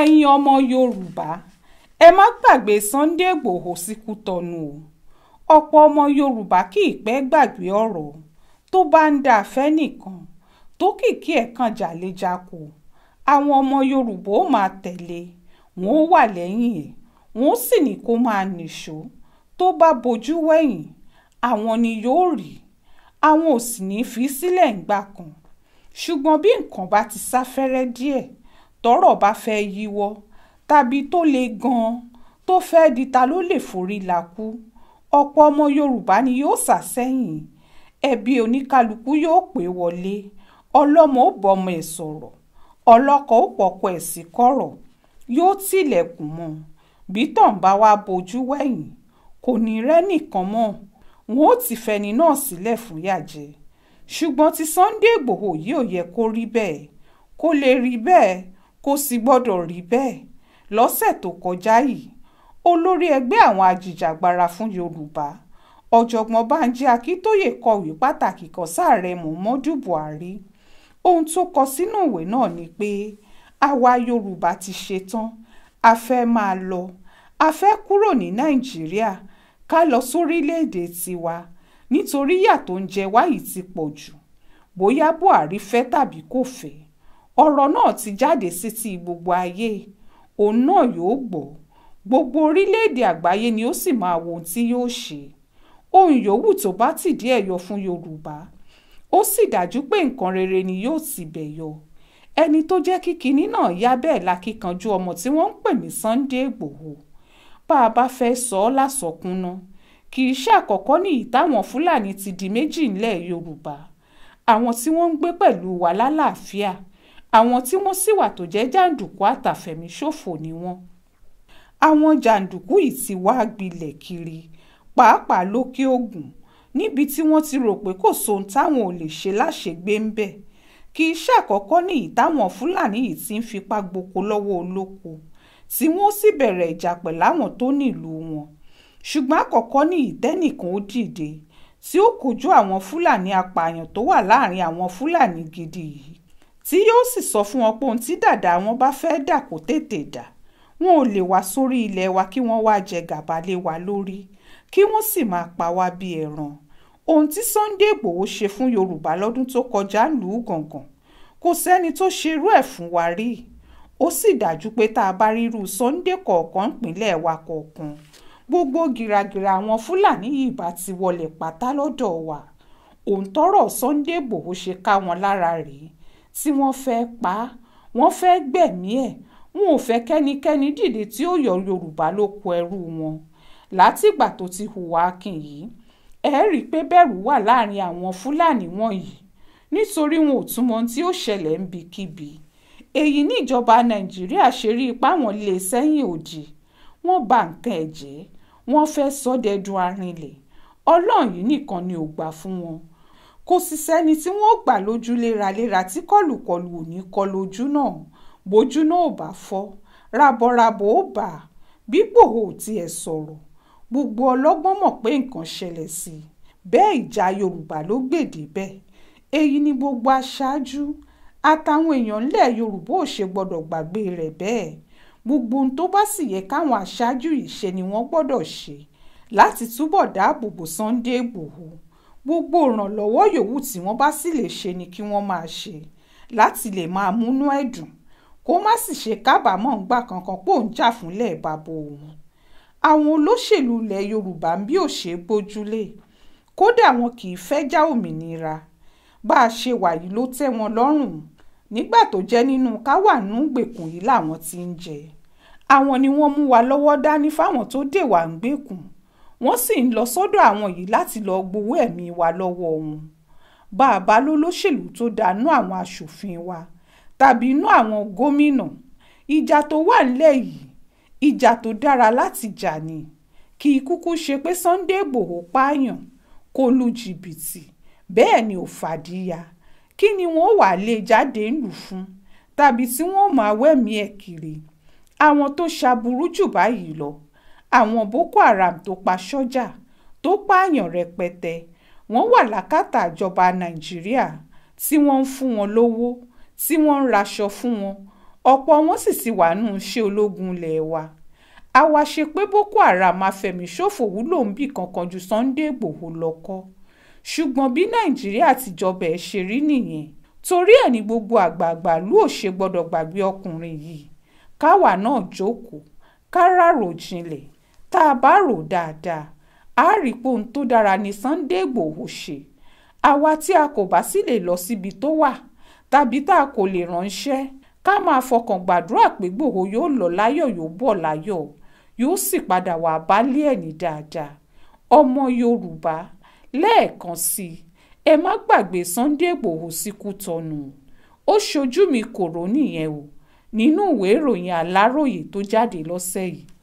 ẹ̀yin ọmọ yorùbá ẹ má gbàgbé sunday igbòho sí kútọnu o ọ̀pọ̀ ọmọ yorùbá kì í pẹ́ gbàgbé ọ̀rọ̀ tó bá ń dá fẹ́nìkan tó kìkì ẹ̀ kan jàlejako àwọn ọmọ yorùbá ó máa tẹ̀lé wọn ó wà lẹ́yìn ẹ̀ wọn ó sì ní kó máa nìṣó tó bá bojú wẹ̀yìn àwọn ni yóò rí àwọn ò sì ní fi sílẹ̀ ńgbà kan ṣùgbọ́n bí nǹkan bá ti sáfẹ́rẹ́ díẹ̀ tọ́rọ̀ bá fẹ́ yíwọ́ tàbí tó le gan-an tó fẹ́ di ta ló lè forí la kú ọ̀pọ̀ ọmọ yorùbá ni yóò sá sẹ́yìn ẹbí oníkálukú yóò pé wọlé ọlọ́mọ ó bọ́mọ ẹ̀ sọ̀rọ̀ ọlọ́kọ̀ ó pọ̀pọ̀ ẹ̀ sí kọ̀rọ̀ yóò tilẹ̀kùn mọ́ bí tàn bá wá bojú wẹ̀yìn kò ní rẹ́ nìkan mọ́ wọn ó ti fẹni náà sílẹ̀ fún yàjẹ́ ṣùgbọ́n ti Sunday Ìgbòho yìí ò yẹ kó rí bẹ́ẹ̀ kó lè rí bẹ́ẹ̀ kò sì gbọ́dọ̀ rí bẹ́ẹ̀ lọ́sẹ̀ tó kọjá yìí olórí ẹgbẹ́ àwọn ajìjàgbara fún yorùbá ọ̀jọ̀gbọ́n banji akíntóyè kọ̀wé pàtàkì kan sáàrẹ muhammadu buhari ohun tó kọ sínú ìwé náà ni pé àwa yorùbá ti ṣetán a fẹ́ máa lọ a fẹ́ kúrò ní nàìjíríà ká lọ sórílẹ̀ tiwa nítorí yà tó ń jẹ wáyìí ti pọ̀ jù bóyá buhari fẹ́ tàbí kò fẹ́ ọ̀rọ̀ náà ti jáde sí ti gbogbo ayé òun náà yóò gbọ́ gbogbo orílẹ̀-èdè àgbáyé ni ó sì máa wo ohun tí yóò ṣe ohun yòówù tó bá tìdí ẹ̀ yọ fún yorùbá ó sì dájú pé nǹkan rere ni yóò sì bẹ̀ yọ ẹni tó jẹ́ kí náà yá bẹ́ẹ̀ lakíkanjú ọmọ tí wọ́n ń pè ní Sunday Ìgbòho bá a bá fẹ́ sọ ọ́ lásọkúnná kì í ṣàkọ́kọ́ ní ìtàwọn Fúlàní ti di méjì ńlẹ̀ Yorùbá àwọn tí wọ́n ń gbé pẹ̀lú wa lálàáfíà àwọn tí wọ́n sì wà tó jẹ́ jàǹdùkú àtàfẹ̀míṣòfò ni wọ́n àwọn jàǹdùkú yìí ti wá gbilẹ̀ kiri pàápàá lókè ògùn níbi tí wọ́n ti rò pé kò sóhun táwọn ò lè ṣe láṣegbé ń bẹ̀ kì í ṣàkọ́kọ́ nìyí táwọn fúlàní yìí ti ń fipá gboko lọ́wọ́ olóko tí wọ́n sì bẹ̀rẹ̀ ìjà pẹ̀lú tó nílùú wọn ṣùgbọ́n àkọ́kọ́ nìyí tẹ́nìkan ó dìde tí ó kojú àwọn fúlàní apààyàn tó wà láàrin àwọn fúlàní gidi yìí tí yóò sì sọ fún wọn pé ohun tí dàdà wọn bá fẹ́ dà kó tètè dà wọn ò lè wá sórí ilẹ̀ wa kí wọ́n wá jẹ gàba lé wa lórí kí wọ́n sì máa pa wá bí ẹran ohun tí Sunday Ìgbòho ṣe fún Yorùbá lọ́dún tó kọjá lù ú gàngàn kò sẹ́ni tó ṣerú ẹ̀ fún wa rí ó sì dájú pé tá a bá rírú Sunday kọ̀ọ̀kan ìpínlẹ̀ wa kọ̀ọ̀kan gbogbo gìràgìrà àwọn Fúlàní yìí bá ti wọlé pátá lọ́dọ̀ wa òǹtọ́rọ̀ Sunday Ìgbòho ṣe ká wọn lára rèé tí wọ́n fẹ́ pa á wọ́n fẹ́ gbẹ̀mí ẹ̀ wọn ò fẹ́ kẹ́nikẹ́ni dìde tí ó yọ Yorùbá lóko ẹrú wọn látìgbà tó ti hùwà akin yìí ẹ rí i pé bẹ̀rù wà láàrin àwọn Fúlàní wọ̀nyí nítorí wọn ò túmọ̀ tí ó ṣẹlẹ̀ ń bikíbi èyí ní ìjọba Nàìjíríà ṣe rí ipá wọn lé sẹ́yìn òdì wọ́n bà nǹkan ẹ̀ jẹ́ fẹ́ sọ́dẹ̀dùn arinlẹ̀ ọlọ́run yìí nìkan ni ò gbà fún wọn kò sì sẹ́ni tí wọ́n gbà lójú léraléra tí kọlùkọlù ò ní kọlu ojú náà bójú náà ò bá fọ́ rabọ̀rabọ̀ ó bà á bí Ìgbòho ò tiẹ̀ sọ̀rọ̀ gbogbo ọlọ́gbọ́n mọ̀ pé nǹkan ṣẹlẹ̀ sí i bẹ́ẹ̀ ìjà Yorùbá ló gbèdé bẹ́ẹ̀ èyí ni gbogbo aṣáájú àtàwọn èèyàn ńlẹ̀ Yorùbá ò ṣe gbọ́dọ̀ gbàgbé rẹ̀ bẹ́ẹ̀ gbogbo ohun tó bá sì yẹ káwọn aṣáájú yìí ṣe ni wọ́n gbọ́dọ̀ ṣe láti túbọ̀ dáàbò Sunday Ìgbòho gbogbo ìrànlọ́wọ́ yòówù tí wọ́n bá sì lè ṣe ni kí wọ́n máa ṣe láti lè máa múnú ẹ̀ dùn kó má sì ṣe kábàámọ̀ ńgbà kankan pò ń jà fúnlẹ̀ bàbá òun àwọn olóṣèlú ilẹ̀ Yorùbá ń bí òṣè gbójúlé kódà wọn kì í fẹ́ já òmìnira bá a ṣe wà yìí ló tẹ́ wọn lọ́rùn nígbà tó jẹ́ nínú káwà nú gbèkùn yìí làwọn ti ń jẹ àwọn ni wọ́n mú wa lọ́wọ́ dání fáwọn tó dè wá ń gbèkùn wọ́n sì ń lọ sọ́dọ̀ àwọn yìí láti lọ́ọ́ gbowó ẹ̀mí wa lọ́wọ́ wọn bá a bá lólóṣèlú tó dànù àwọn aṣòfin wa tàbí inú àwọn gómìnà ìjà tó wà nílẹ̀ yìí ìjà tó dára láti jà ni kì í kúkú ṣe pé Sunday Igbòho pààyàn kó lu jìbìtì bẹ́ẹ̀ ni ò fàdíyà kí ni wọ́n wà lè jáde ńlù fún tàbí tí wọ́n máa wẹ̀mí ẹ̀ kiri àwọn tó ṣaburú jù báyìí lọ àwọn boko haram tó pa sọ́jà tó pààyàn rẹpẹtẹ wọ́n wà lákàtà ìjọba nàìjíríà tí wọ́n ń fún wọn lówó tí wọ́n ń raṣọ fún wọn ọ̀pọ̀ wọn sì ti wà nù iṣẹ́ ológun ilẹ̀ wa àwa ṣe pé boko haram afẹ̀míṣòfò wúlò ń bì kankan ju Sunday Ìgbòho lọ́kọ́ ṣùgbọ́n bí nàìjíríà tìjọba ẹ̀ ṣe rí nìyẹn torí ẹ̀ ní gbogbo àgbààgbà ló ò ṣe gbọ́dọ̀ gbàgbé ọkùnrin yìí káwa náà jókòó ká rárò jinlẹ̀ tá a bá rò dáadáa a rí pé ohun tó dára ni Sunday Igboho ṣe àwa tí a kò bá sì lè lọ síbi tó wà tàbí tá a kò lè ránṣẹ́ ká máa fọkàn gbàdúrà pé Igboho yóò lọ láyọ̀ yóò bọ̀ láyọ̀ yóò sì padà wà bálé ẹ̀ dáadáa ọmọ Yorùbá lẹ́ẹ̀kan sí i ẹ má gbàgbé Sunday Igboho sí Kútọ̀nù ó ṣojú mi kòrò nìyẹn o nínú ìwé ìròyìn Aláròyé tó jáde lọ́sẹ̀ yìí